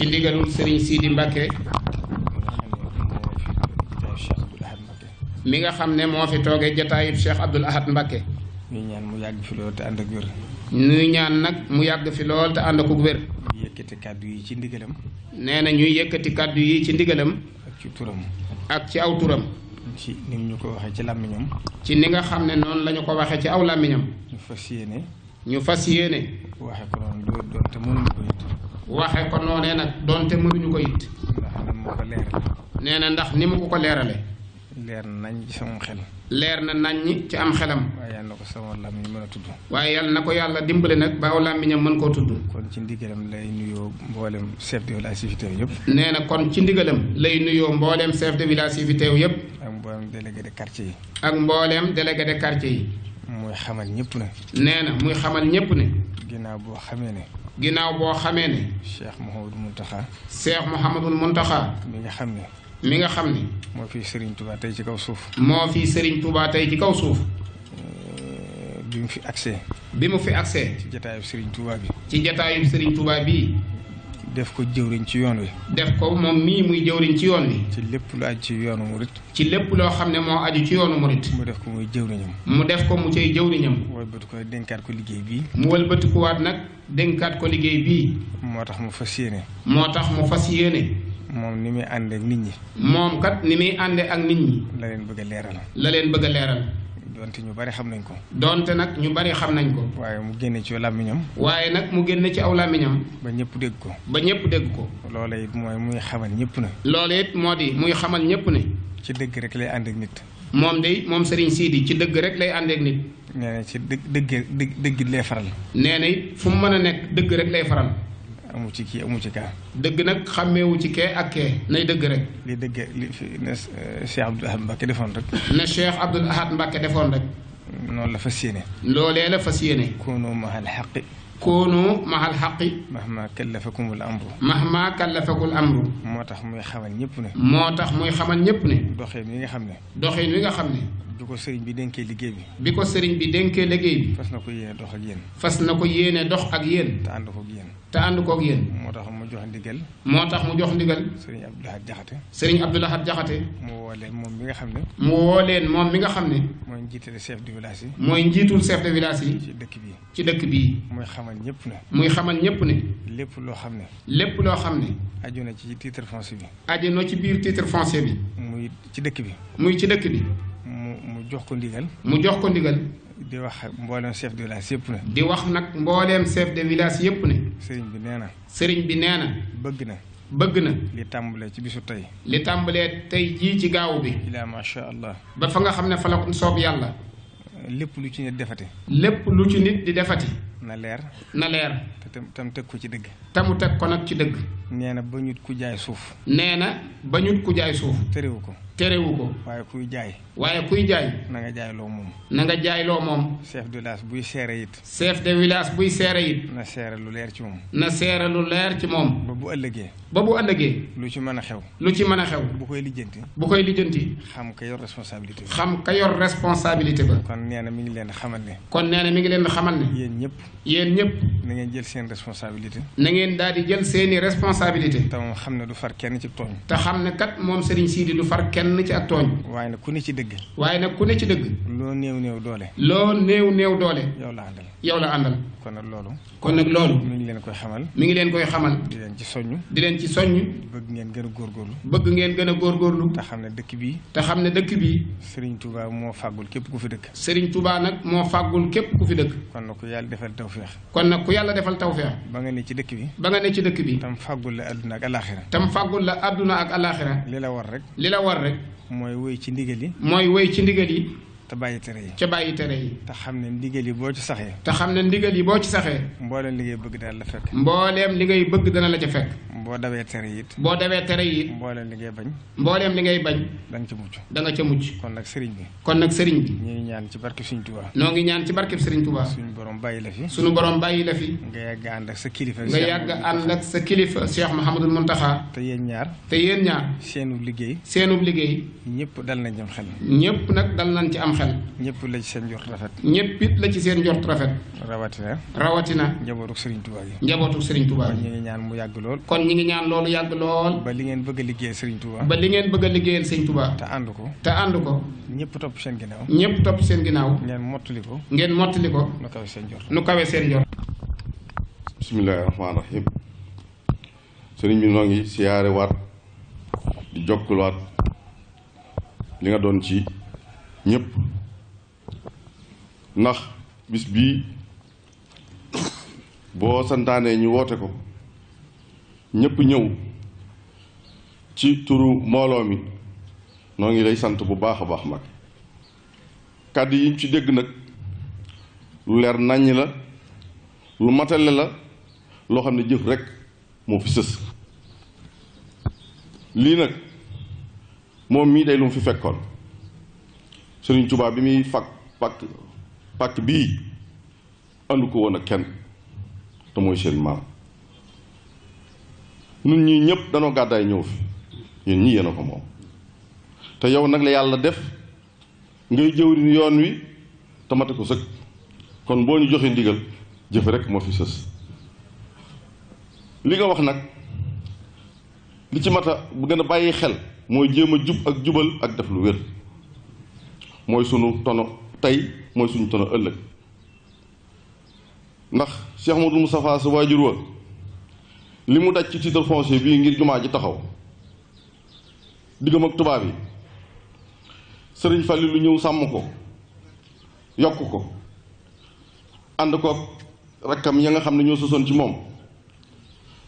ci ndigalul sëriñ Sidi Mbacke mi nga xam ne moo fi toogee jataayub Cheikh Abdoul Ahad Mbacke. ñuy ñaan mu yàgg fi lool te ànd ak wér. ñuy ñaan nag mu yàgg fi lool te ànd ak wér. ñuy yëkkati kàddu yi ci ndigalam. nee na ñuy yëkkati kàddu yi ci ndigalam. ak ci turam. ak ci aw turam. ci ñu ko waxee ci làmmiñam. ci ni nga xam ne noonu lañu ko waxee ci aw làmmiñam. ñu fas yéene. ñu fas yéene. waxe ko noonu doonte mënuñu ko it. waxe ko noonee nag doonte mënuñu ko it. ndax ko leerale. nee na ndax ni mu ko ko leerale. leer na nañ ci sama xel. leer na nañ ci am xelam. waaye yàlla na ko sama làmmiñ mën a tudd. waaye yàlla na ko yàlla dimbale nag ba aw làmmiñam mën koo tudd. kon ci ndigalam lay nuyoo mboolem chef de village yi fi teew yëpp. nee na kon ci ndigalam lay nuyoo mbooleem chef de village yi fi teew yëpp. ak mboolem délégué de yi. ak mboolem délégué de yi. muy xamal ñëpp ne. nee na muy xamal ñëpp ne. ginnaaw boo xamee ne. ginnaaw boo xamee ne. Cheikh Mouhamadou Mountakha. Cheikh Mouhamadou Mountakha. mi nga xam ne. mi nga xam ne. moo fi Serigne Touba tey ci kaw suuf. moo fi Serigne Touba tey ci kaw suuf. bi mu fi accès. bi mu fi accès. ci jataayub Serigne Touba bi. ci jataayub Serigne Touba bii. def ko jëwriñ ci yoon wi. def ko moom mii muy jëwriñ ci yoon wi. ci lépp lu aju ci yoonu murit. ci lépp loo xam ne moo aju ci yoonu murit. mu def ko muy jëwriñam. mu def ko mu cay jëwriñam. mu wëlbati ko dénkaat ko liggéey bii. mu wëlbatikuwaat nag denkaat ko liggéey bii. moo tax mu fas yéene. moo tax mu fas yéene. moom ni muy ànd ak nit ñi. moom kat ni muy ànd ak nit ñi. la leen bëgg a leeral. la leen bëgg a leeral. donte ñu bari xam nañ ko. donte nag ñu bari xam nañ ko. waaye mu génne ci làmmiñam. waaye nag mu génne ci aw làmmiñam. ba ñëpp dégg ko. ba ñëpp dégg ko. loola it mooy muy xamal ñëpp ne. loola it moo di muy xamal ñëpp ne. ci dëgg rek lay ànd nit. moom de moom Serigne di ci dëgg rek lay ànd ak nit. nee ci dëgg dëgg dëgg lay faral. nee na fu mu mën a nekk dëgg rek lay faral. أموتيكي أموتيكا. دعناك خامه أموتيكي أكيه نيدعناك. ليدعك نس شيخ عبد الله بكر عبد الله بكر دفندك. نولا فسيني. نولا لا فسيني. كونوا مع الحقي كونوا مع الحق. مهما كلفكم الأمر. مهما كلفكم الأمر. ما تخمي خمن يبني. ما تخمي خمن يبني. دخيني خمني. دخيني خمني. bi ko sëriñ bi denkee liggéey bi. bi ko sëriñ bi dénkee liggéey bi. fas na ko yéene dox ak yéen. fas na ko yéene dox ak yéen. te ànd koog yéen. te ànd koog yéen. moo tax mu jox ndigal. moo tax mu jox ndigal. sëriñ Abdou Lahad Jaxate. sëriñ Abdou Lahad Jaxate. mu woo leen moom mi nga xam ne. mu woo leen moom mi nga xam ne. mooy njiitale chef de village yi. mooy njiitul chef de village yi. ci dëkk bi ci dëkk bi. muy xamal ñëpp ne. muy xamal ñëpp ne. lépp loo xam ne. lépp loo xam ne. aju na ci titre foncier bi. aju na ci biir titre foncier bi. muy ci dëkk bi. muy ci dëkk bi. jox ko ndigal. mu jox ko ndigal. di wax mboolem chef de village yëpp ne. di wax nag mbooleem seef de village yëpp ne. sëriñ bi nee na. sëriñ bi nee na. bëgg na. bëgg na. li tàmbalee ci bisu tey. li tàmbalee tey jii ci gaaw bi. ilaa macha allah. ba fa nga xam ne fa la ko soob yàlla. lépp lu ci nit defati. lépp lu ci nit di defati. na leer. na leer. te tam teg ko ci dëgg. te mu teg ko nag ci dëgg. nee na bañut ku jaay suuf. nee na bañut ku jaay suuf. terewu ko. terewu ko. waaye kuy jaay. waaye kuy jaay. na nga jaay loo moom. na nga jaay moom. chef de village buy seere it. chef de village buy seere it. na seere lu leer ci moom. na seere lu leer ci moom. ba bu ëllëgee. ba bu ëllëgee. lu ci mën a xew. lu ci mën a xew. bu koy lijjanti. bu koy lijjanti. xam ka yor responsabilité ba. xam ka yor responsabilité ba. kon nee na mi ngi leen xamal ne. kon nee na mi ngi leen xamal yéen ñëpp. yéen ñëpp. na ngeen jël seen responsabilité. ngeen daal di jël seeni responsabilité te moom xam ne du far kenn ci tooñ te xam ne kat moom Serigne Sidi du far kenn ci ak tooñ waaye nag ku ne ci dëgg waaye nag ku ne ci dëgg loo néew néew doole loo néew néew doole yow la àndal yow la àndal kon nag loolu kon nag loolu mi ngi leen koy xamal mi ngi leen koy xamal di leen ci soññ di leen ci soññ bëgg ngeen gën a góorgóorlu bëgg ngeen gën a góorgóorlu te xam ne dëkk bii te xam ne dëkk bii Serigne Touba moo fàggul képp ku fi dëkk Serigne Touba nag moo fàggul képp ku fi dëkk kon nag ku yàlla defal tawfeex kon nag ku yàlla defal tawfeex ba nga ne ci dëkk bi ba nga ne ci dëkk bi. tam fàggul la àdduna ak alaaxira. tam fàggul la àdduna ak alaaxira. li la war rek. li la war rek. mooy wéy ci ndigal yi. mooy wéy ci ndigal yi. coba bàyyi tere coba ca bàyyi tere yi. te xam ne ndigal yi boo ci saxee. te xam ne ndigal yi boo ci saxee. mbooleem li ngay bëgg dana la fekk. mbooleem li ngay bëgg dana la ca fekk. boo dawee tere yi it. boo dawee tere yi it. mbooleem li ngay bañ. mbooleem li ngay bañ. da nga ca mucc. da nga ca mucc. kon nag sëriñ bi. kon nag sëriñ bi. ñu ngi ñaan ci barkeb sëriñ Touba. noo ngi ñaan ci barkeb sëriñ Touba. suñu borom bàyyi la fi. suñu borom bàyyi la fi. nga yàgg ànd ak sa kilifa. nga yàgg ànd ak sa kilifa Cheikh Mouhamadul Mountakha. te yéen ñaar. te yéen ñaar. seenub liggéey. seenub liggéey. ñëpp dal nañ ci xel. ñëpp nag dal nañ ci am xel. ñëpp la ci seen jort rafet. ñëpp it la ci seen jort rafet. rawatina. rawatina. njabootu Serigne Touba yi. njabootu Serigne Touba yi. kon ñi ngi ñaan mu yàgg lool. kon ñi ngi ñaan loolu yàgg lool. ba li ngeen bëgg a liggéeyal Serigne Touba. ba li ngeen bëgg a liggéeyal Serigne Touba. te ànd ko. te ànd ko. ñëpp topp seen ginnaaw. ñëpp topp seen ginnaaw. ngeen mottali ngeen mottali nu kawe seen jort. nu kawe seen jort. bismillahi rahmaani rahim. Serigne bi noo ngi siyaare waat di jokkul waat li nga doon ci ñépp ndax bis bii boo santaanee ñu woote ko ñépp ñëw ci turu mbooloo mi noo ngi lay sant bu baax a baax mag kàddu yi ñu ci dégg nag lu leer nàññi la lu matale la loo xam ne jëf rekk moo fi sës lii nag moom mii day lu mu fi fekkoon Sëriñ Tuubaa bi muy fakk pakk pàkk bii àndu ko woon ak kenn te mooy seen maam nun ñii ñëpp danoo gàddaay ñëw fi yéen ñii yéen a ko moom te yow nag la yàlla def ngay jëwriñ yoon wi te mate ko sëkk kon boo ñu joxee ndigal jëf rek moo fi sës li nga wax nag li ci mata bu gën a bàyyi xel mooy jéem a jub ak jubal ak def lu wér mooy sunu tono tey mooy suñu tono ëllëg ndax Cheikh Modou Moustapha sa waajur wa li mu daj ci titre foncier bii ngir jumaa ji taxaw diggam ak tubaab yi sëriñ Fallou lu ñëw sàmm ko yokk ko ànd ko rakkam ya nga xam ne ñoo sosoon ci moom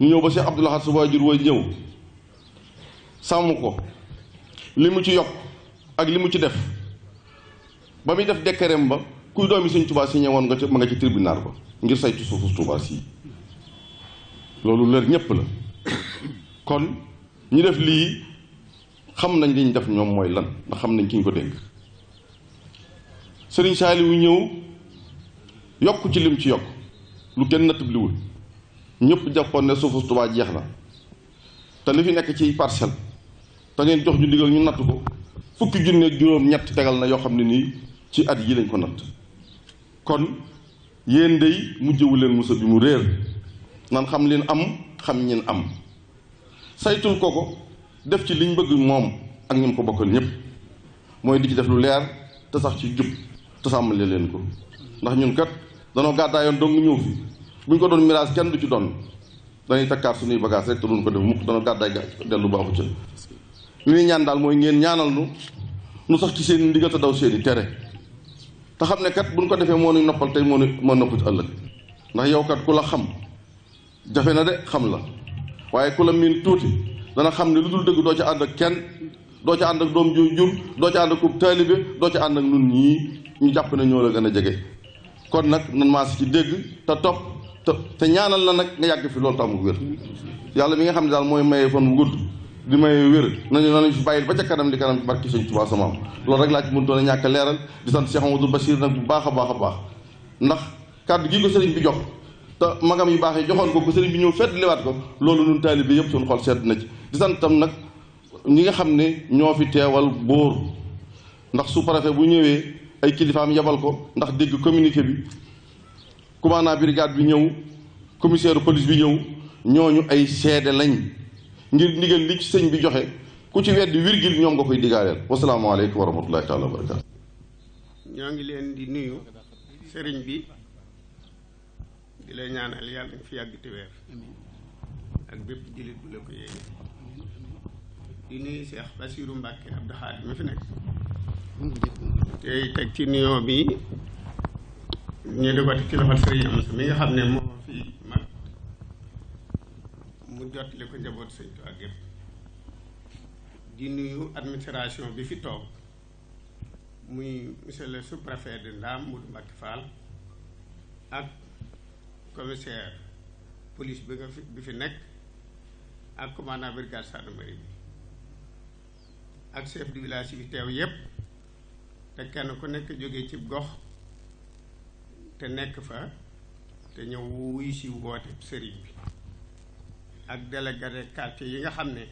ñu ñëw ba Cheikh Abdou Lahad sa waajur wa ñëw sàmm ko li mu ci yokk ak li mu ci def ba muy def décret ba kuy doomi suñ Tuubaa si ñëwoon nga ca ma nga ci tribunal ko ngir saytu suufu Tuubaa si loolu lër ñëpp la kon ñu def lii xam nañ liñ def ñoom mooy lan ndax xam nañ ki ko dénk Sëriñ Saaliwu ñëw yokk ci lim ci yokk lu kenn nattabliwul ñëpp jàppoon ne suufu tubaa jeex na te li fi nekk ci parcelle te ngeen jox ñu digal ñu natt ko fukki junne juróom ñett tegal na yoo xam ne nii ci at yi lañ ko natt kon yéen day mujjewu leen musa bi mu réer nan xam leen am xam ñeen am saytul ko ko def ci liñ bëgg moom ak ñum ko bokkal ñépp mooy di ci def lu leer te sax ci jub te sàmmale leen ko ndax ñun kat danoo gàddaayoon dong ñëw fi ñu ko doon miraas kenn du ci doon dañuy takkaat suñuy bagage rek te duñ ko def mukk danoo gàddaay dellu baaxu ci li ñuy ñaan daal mooy ngeen ñaanal nu nu sax ci seen ndigal te daw seeni tere te xam ne kat bu buñ ko defee moo nuy noppal tey moo nuy moo nopp ci ëllëg ndax yow kat ku la xam jafe na de xam la waaye ku la miin tuuti dana xam ne lu dul dëgg doo ci ànd ak kenn doo ci ànd ak doom ju jur doo ci ànd ak ub taalibe doo ci ànd ak nun ñii ñu jàpp ne ñoo la gën a jege kon nag nan maas ci dégg te topp te te ñaanal la nag nga yàgg fi loolu tax mu wér yàlla bi nga xam ne daal mooy maye fan wu gudd di may wér nañu nañu fi bàyyil ba ca kanam di kanam barki sëñ Tuubaa sama am loolu rek laa ci mënutoon a ñàkk a leeral di sant Cheikh Amadou Bachir nag bu baax a baax a baax ndax kàddu gi ko sëriñ bi jox te magam yu baax yi joxoon ko ko sëriñ bi ñëw fedd liwaat ko loolu nun taalibe yëpp suñu xol sedd na ci di sant tam nag ñi nga xam ne ñoo fi teewal bóor ndax sous-préfet bu ñëwee ay kilifaam yabal ko ndax dégg communiqué bi commandant brigade bi ñëw commissaire police bi ñëw ñooñu ay seede lañ ngir ndigal li ci sëñ bi joxe ku ci weddi virgule ñoom nga koy digaaleel wasalaamaaleykum wa rahmatullahi taala wa ñoo ngi leen di nuyu sëriñ bi di lay ñaanal yàlla nga fi yàgg te weer ak di nuyu Cheikh Bassirou Mbacke Abdou Khadre mi fi nekk tey teg ci nuyoo bi ñu ko teg ci loxo sëriñ am mi nga xam ne jottali ko njaboot sëñ Tuubaa gépp di nuyu administration bi fi toog muy monsieur le sous-préfet de Ndaam Modou Mbacké ak commissaire police bi nga fi bi fi nekk ak commandant brigade gendarmerie bi ak chef de village bi teew yépp te kenn ku nekk jógee ci gox te nekk fa te ñëw wuy si woote sëriñ bi ak délégué de yi nga xam ne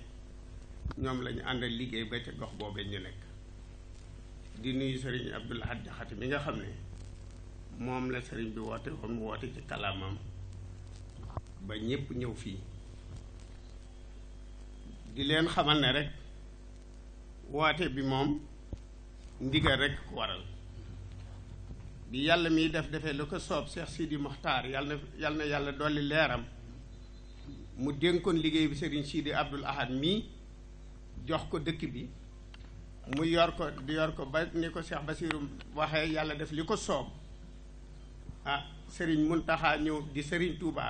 ñoom lañu ñu àndal liggéey ba ca gox boobee ñu nekk di nuyu sëriñ Abdul Ahad Jaxate mi nga xam ne moom la sëriñ bi woote woon mu woote ci kàllaamam ba ñépp ñëw fii di leen xamal ne rek woote bi moom ndigal rek ko waral bi yàlla miy def defee lu ko soob seex Sidi Mokhtar yàlla yàlla na yàlla dolli leeram mu dénkoon liggéey bi Serigne Sidi Abdoul Ahad mii jox ko dëkk bi mu yor ko di yor ko ba ni ko Cheikh Basirou waxee yàlla def li ko soob ah sëriñ Serigne taxaa ñëw di Serigne Touba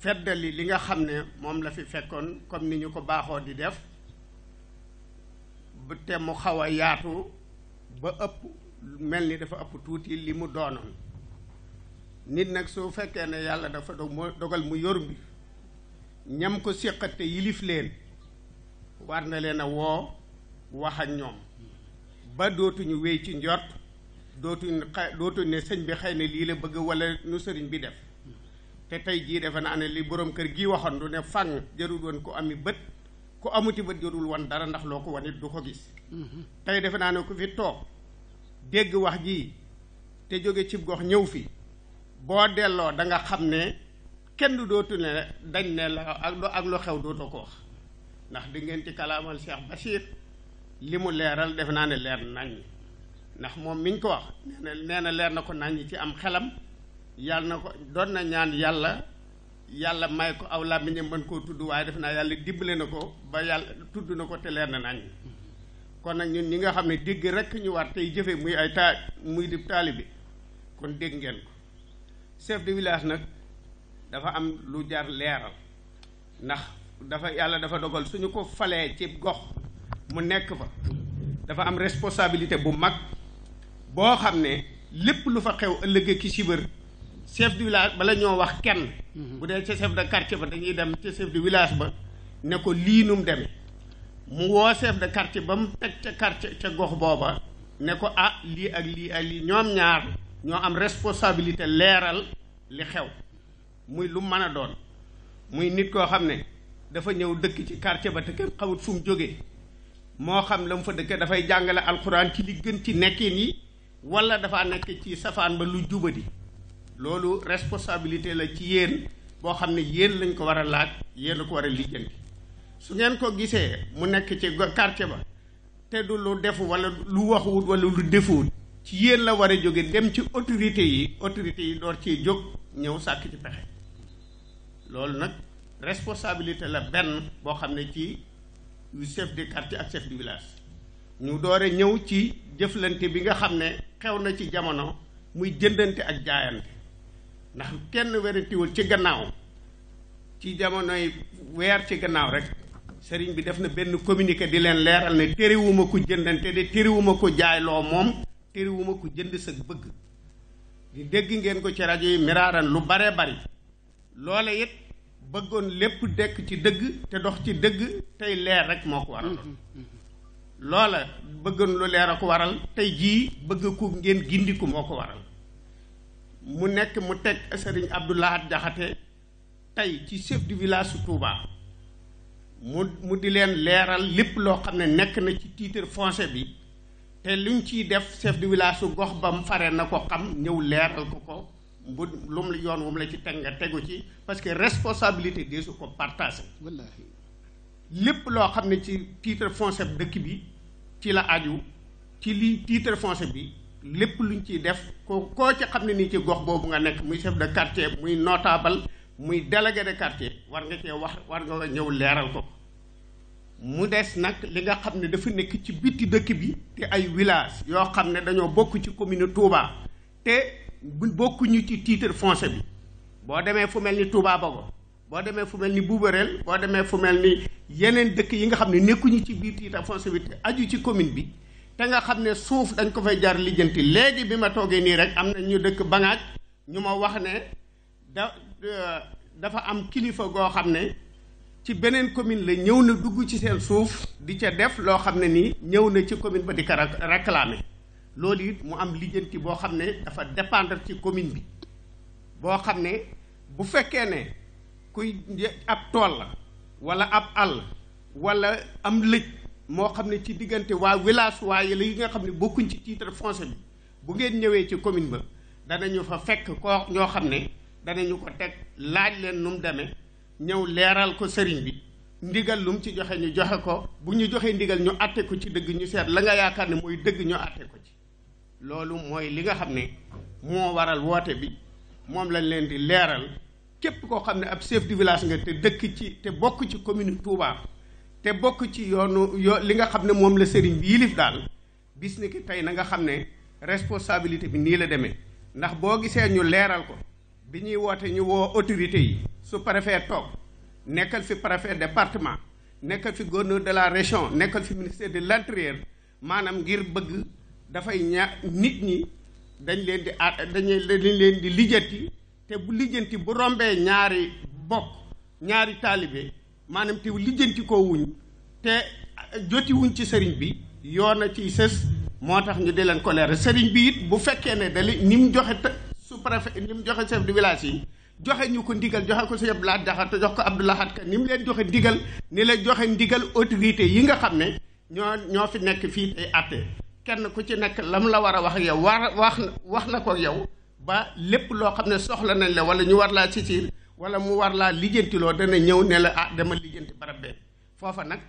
feddali li nga xam ne moom la fi fekkoon comme ni ñu ko baaxoo di def te mu xaw a yaatu ba ëpp mel ni dafa ëpp tuuti li mu doonoon nit nag su fekkee ne yàlla dafa dogal mu yor bi ñam ko séqate yilif leen war na leen a woo wax ñoom ba dootuñu wéy ci njort dootuñ xa dootuñ ne sëñ bi xëy na lii la bëgg wala nu sëriñ bi def te tey jii defe naa ne li boroom kër gi waxoon du ne fànn jarul woon ku ami bët ku amuti bët jarul woon dara ndax loo ko wan it du ko gis mhm. tey defe naa ne ku fi toog dégg wax ji te jóge cib gox ñëw fi boo delloo danga xam ne kenn dootu ne dañ ne la ak ak lu xew dootoo ko wax ndax di ngeen ci kalaamal Cheikh Bachir li mu leeral def naa ne leer nañ ndax moom miñ ko wax nee na nee na leer na ko nañ ci am xelam yàlla na ko doon na ñaan yàlla yàlla may ko aw làmmiñam mën koo tudd waaye def naa yàlla dimbale na ko ba yàlla tudd na ko te leer na nañ kon nag ñun ñi nga xam ne dégg rek ñu war tey jëfe muy ay taaj muy di taalibe kon dégg ngeen ko chef de village nag dafa am lu jar leeral ndax dafa yàlla dafa dogal suñu ko falee ci gox mu nekk fa dafa am responsabilité bu mag boo xam ne lépp lu fa xew ëllëg ki sibër chef du village bala ñoo wax kenn mhm. bu dee ca chef de quartier ba dañuy dem ca chef du village ba ne ko lii nu mu demee mu woo chef de quartier ba mu teg ca quartier ca gox booba ne ko ah lii ak lii ak lii ñoom ñaar ñoo am responsabilité leeral li xew muy lu mën a doon muy nit koo xam ne dafa ñëw dëkk ci quartier ba te kenn xamut fu jógee moo xam la mu fa dëkkee dafay jàngale alxuraan ci li gën ci nekkin yi wala dafa nekk ci safaan ba lu jubadi loolu responsabilité la ci yéen boo xam ne yéen lañ ko war a laaj yéen la ko war a lijjanti su ngeen ko gisee mu nekk ci quartier ba te du lu defu walla lu waxuwut wala lu defuwut ci yéen la war a jóge dem ci autorité yi autorité yi door ci jóg ñëw sàkk ci loolu nag responsabilité la benn boo xam ne ci chef de quartier ak chef de village ñu doore ñëw ci jëflante bi nga xam ne xew na ci jamono muy jëndante ak jaayante ndax kenn werantewul ci gannaaw ci jamonoy weer ci gannaaw rek sëriñ bi def na benn communiqué di leen leeral ne téréwuma ko jëndante de téréwuma ko jaayloo moom téréwuma ko jënd sa bëgg di dégg ngeen ko ci rajo yi miraaran lu baree bari loola it bëggoon lépp dekk ci dëgg te dox ci dëgg tey leer rek moo ko waral mm-hmm. mm-hmm. loola bëggoon lu leer a ko waral tey jii bëgg ko ngeen gindiku moo ko waral mu nekk mu teg sëriñ Abdoulahat Jaxate tey ci chef du village su Touba mu di leen leeral lépp loo xam ne nekk na ci titre foncier bi te luñ ciy def chef du willaasu gox ba mu fare na ko xam ñëw leeral ko ko bu lum yoon wu mu la ci teg nga tegu ci parce que responsabilité de su ko partagé wallaahi lépp loo xam ne ci titre foncier dëkk bi ci la aju ci lii titre foncier bi lépp luñ ciy def ko ko ci xam ne ni ci gox boobu nga nekk muy chef de quartier muy notable muy délégué de quartier war nga cee wax war nga ñëw leeral ko mu des nag li nga xam ne dafa nekk ci bitti dëkk bi te ay village yoo xam ne dañoo bokk ci commune Touba te bu bokkuñu ci titre foncier bi boo demee fu mel ni Touba Bogo boo demee fu mel ni Boubarel boo demee fu mel ni yeneen dëkk yi nga xam ne nekkuñu ci biir titre foncier bi te aju ci commune bi te nga xam ne suuf dañ ko fay jaar lijjanti léegi bi ma toogee nii rek am na ñu dëkk Bangaaj ñu ma wax ne da euh, dafa am kilifa goo xam ne ci beneen commune la ñëw na dugg ci seen suuf di ca def loo xam ne nii ñëw na ci commune ba di ko réclamer loolu it mu am lijjanti boo xam ne dafa dépendre ci commune bi boo xam ne bu fekkee ne kuy ab tool la wala ab àll wala am lëj moo xam ne ci diggante waa village waaye la yi nga xam ne bokkuñ ci titre foncier bi bu ngeen ñëwee ci commune ba danañu fa fekk koo ñoo xam ne danañu ko teg laaj leen nu mu demee ñëw leeral ko sëriñ bi ndigal lu mu ci joxe ñu joxe ko bu ñu joxee ndigal ñu àtte ko ci dëgg ñu seet la nga yaakaar ne mooy dëgg ñu àtte ko ci loolu mooy li nga xam ne moo waral woote bi moom lañ leen di leeral képp koo xam ne ab chef de village nga te dëkk ci te bokk ci commune Touba te bokk ci yoonu yo li nga xam ne moom la sëriñ bi yilif daal bis tey na nga xam ne responsabilité bi nii la demee ndax boo gisee ñu leeral ko bi ñuy woote ñu woo autorité yi su préfet toog nekkal fi préfet département nekkal fi gouverneur de la région nekkal fi ministère de l'intérieur maanaam ngir bëgg dafay ña nit ñi dañ leen di a dañuy dañ leen di lijjanti te bu lijjanti bu rombee ñaari bokk ñaari taalibe maanaam te lijjanti ko wuñ te joti wuñ ci sëriñ bi yoon na ciy sës moo tax ñu di leen colère sëriñ bi it bu fekkee ne dali ni mu joxe te su préfet ni mu joxe chef de village yi joxe ñu ko ndigal joxe ko sëñ la Lahad Diakhaté jox ko Abdou Lahad Ka ni mu leen joxe ndigal ni la joxe ndigal autorité yi nga xam ne ñoo ñoo fi nekk fii tey àtte kenn ku ci nekk lam la war a wax ak yow war wax wax na ko yow ba lépp loo xam ne soxla nañ la wala ñu war laa sitiir wala mu war laa lijjantiloo dana ñëw ne la ah dama lijjanti barab bee foofa nag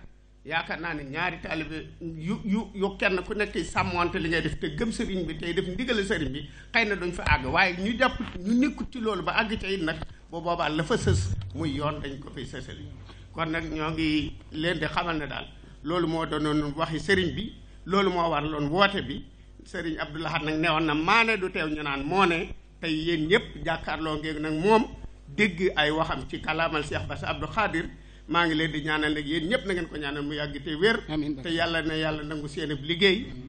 yaakaar naa ne ñaari taalibe yu yu yu kenn ku nekk sàmmonte li ngay def te gëm sëriñ bi tey def ndigal sëriñ bi xëy na duñ fa àgg waaye ñu jàpp ñu nekkut ci loolu ba àgg tey nag bu boobaal la fa sës muy yoon dañ ko fay sësali kon nag ñoo ngi leen di xamal ne daal loolu moo doonoon waxi sëriñ bi loolu moo war loon woote bi sëriñ Abdou Lahad nag newoon na maa maane du teew ñu naan moo ne tey yéen ñëpp jàkkaarloo ngeen nag moom dégg ay waxam ci kalaamal Cheikh Bass Abdou Khadir maa ngi leen di ñaanal nag yéen ñëpp na ngeen ko ñaanal mu yàgg te wér te yàlla na yàlla nangu seen liggéey